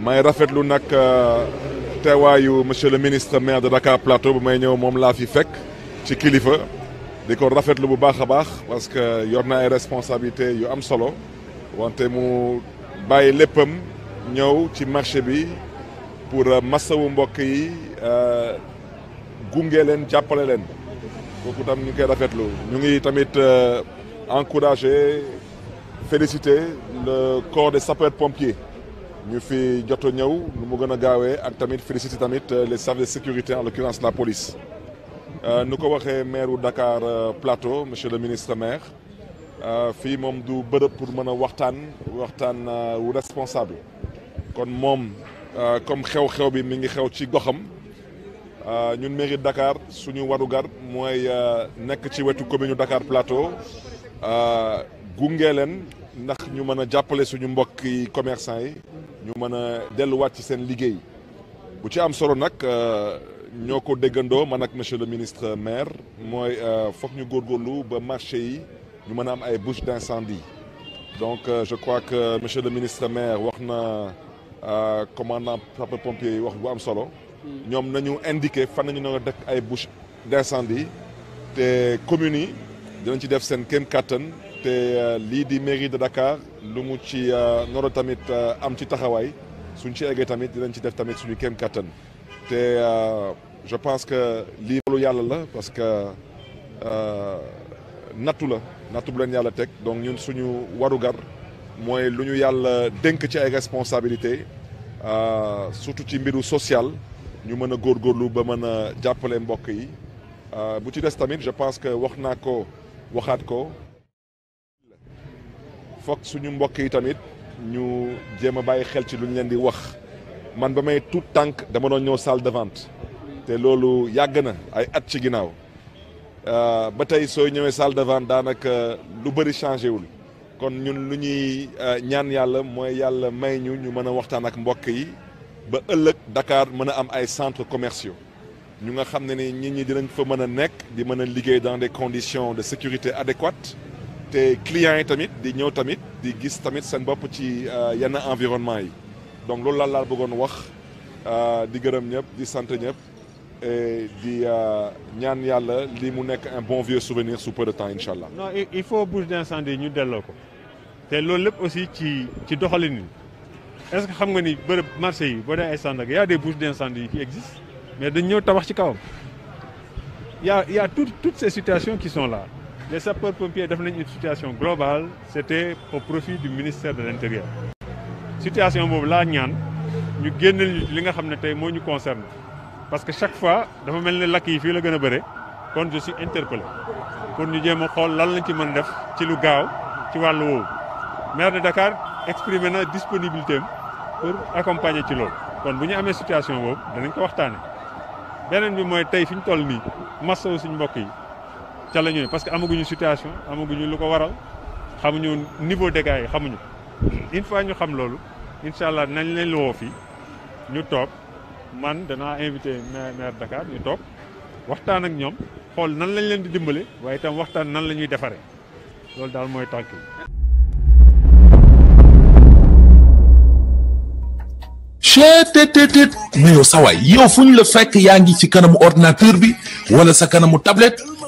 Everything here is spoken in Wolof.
may rafetlu nag euh, teewaayu monsieur le ministre maire de Dakar Plateau bu may ñëw moom laa fi fekk ci kilifa di ko rafetlu bu baax a baax parce que yor na ay responsabilité yu am solo wante mu bàyyi léppam ñëw ci marché bi pour euh, masawu mbokk yi euh, gunge leen jàppale leen kooku tam ñu ngi koy rafetlu ñu ngi tamit encourager féliciter le corps des sapeurs pompiers ñu fi jot ñëw nu mu gën a gaawee ak tamit félicité tamit euh, les services de sécurité en l'occurrence la police euh, nu ko waxee maire wu euh, Plateau monsieur le ministre maire fii moom du bërëb pour mën a waxtaan waxtaan wu responsable kon moom comme xew-xew bi mi ngi xew ci goxam ñun mairie dakaar suñu warugar mooy nekk ci wetu commune Dakar Plateau gunge leen ndax ñu mën a jàppale suñu mbokki commerçant yi ñu mën a delluwaat ci seen liggéey bu ci am solo nag euh, ñoo ko déggandoo man ak monsieur le ministre maire mooy euh, foog ñu góor góorlu ba marché yi ñu mën a am ay bouches d'incendie donc euh, je crois que monsieur le ministre maire wax na commandant sapeurs-pompiers yi wax bu am solo ñoom nañu indiqué fan nañu na dëkk ay bouches d'incendie te communes yi dinañ ci def seen kéem kattan te eh, lii di mairie de Dakar lu mu ci eh, noro tamit eh, am ci taxawaay suñ ci eggee tamit dinañ ci def tamit suñu kéem kattan te je pense que lii loolu yàlla la parce que nattu la nattu bu leen yàlla teg donc ñun suñu warugar mooy lu ñu yàlla dénk ci ay responsabilité surtout ci mbiru sociale ñu mën a góorlu ba mën a jàppale mbokk yi bu ci des tamit je pense que wax naa ko waxaat ko foog suñu mbokk yi tamit ñu jéem a bàyyi xel ci lu ñu leen di wax man ba may tout tànk dama doon ñëw salle de vente te loolu yàgg na ay at ci ginnaaw euh, ba tey soo ñëwee salle de vente daanaka lu bëri changé wul kon ñun lu ñuy euh, ñaan yàlla mooy yàlla may ñu ñu mën a waxtaan ak mbokk yi ba ëllëg Dakar mën a am ay centres commerciaux ñu nga xam ne ni nit ñi dinañ fa mën a nekk di mën a liggéey dans des conditions de sécurité adéquates te clients yi tamit di ñëw tamit di gis tamit seen bopp ci euh, yenn environnement yi donc loolu laa laa bëggoon wax euh, di gërëm ñëpp di sant ñëpp et di euh, ñaan yàlla lii mu nekk un bon vieux souvenir sous peu de temps incha allah. non il faut bouche d'incendie ñu delloo ko te loolu lépp aussi ci ci doxalin yi est-ce que xam nga ni bërëb marché yi boo dee ay sànq y a des bouches d'incendie qui existent mais dañ ñëw tabax ci kawam yaa a y a toutes toutes ces situations qui sont les sapeurs-pompiers def nañ une situation globale c'était au profit du ministère de l'intérieur situation boobu laa ñaan ñu génneel ñu li nga xam ne tey moo ñu concerne parce que chaque fois dafa mel ni lakk yi fii la gën a bëre kon je suis interpellé pour ñu jéem xool lan lañ ci mën def ci lu gaaw ci wàllu woowu maire de Dakar exprimé na disponibilité am pour accompagner ci loolu kon bu ñu amee situation boobu danañ ko waxtaane beneen bi mooy tey fi ñu toll nii massawu suñu mbokk yi ca la parce que amaguñu situation amaguñu lu ko waral xamuñu niveau dégâts yi xamuñu une fois ñu xam loolu incha allah nañ leen woo fii ñu toog man danaa invité maire Dakar ñu toog waxtaan ak ñoom xool nan lañ leen di dimbali waaye tam waxtaan nan la ñuy defaree loolu daal mooy tànk yi chetttt mais yow sawaay yow fu ñu la fekk yaa ngi ci kanamu ordinateur bi wala sa kanamu tablet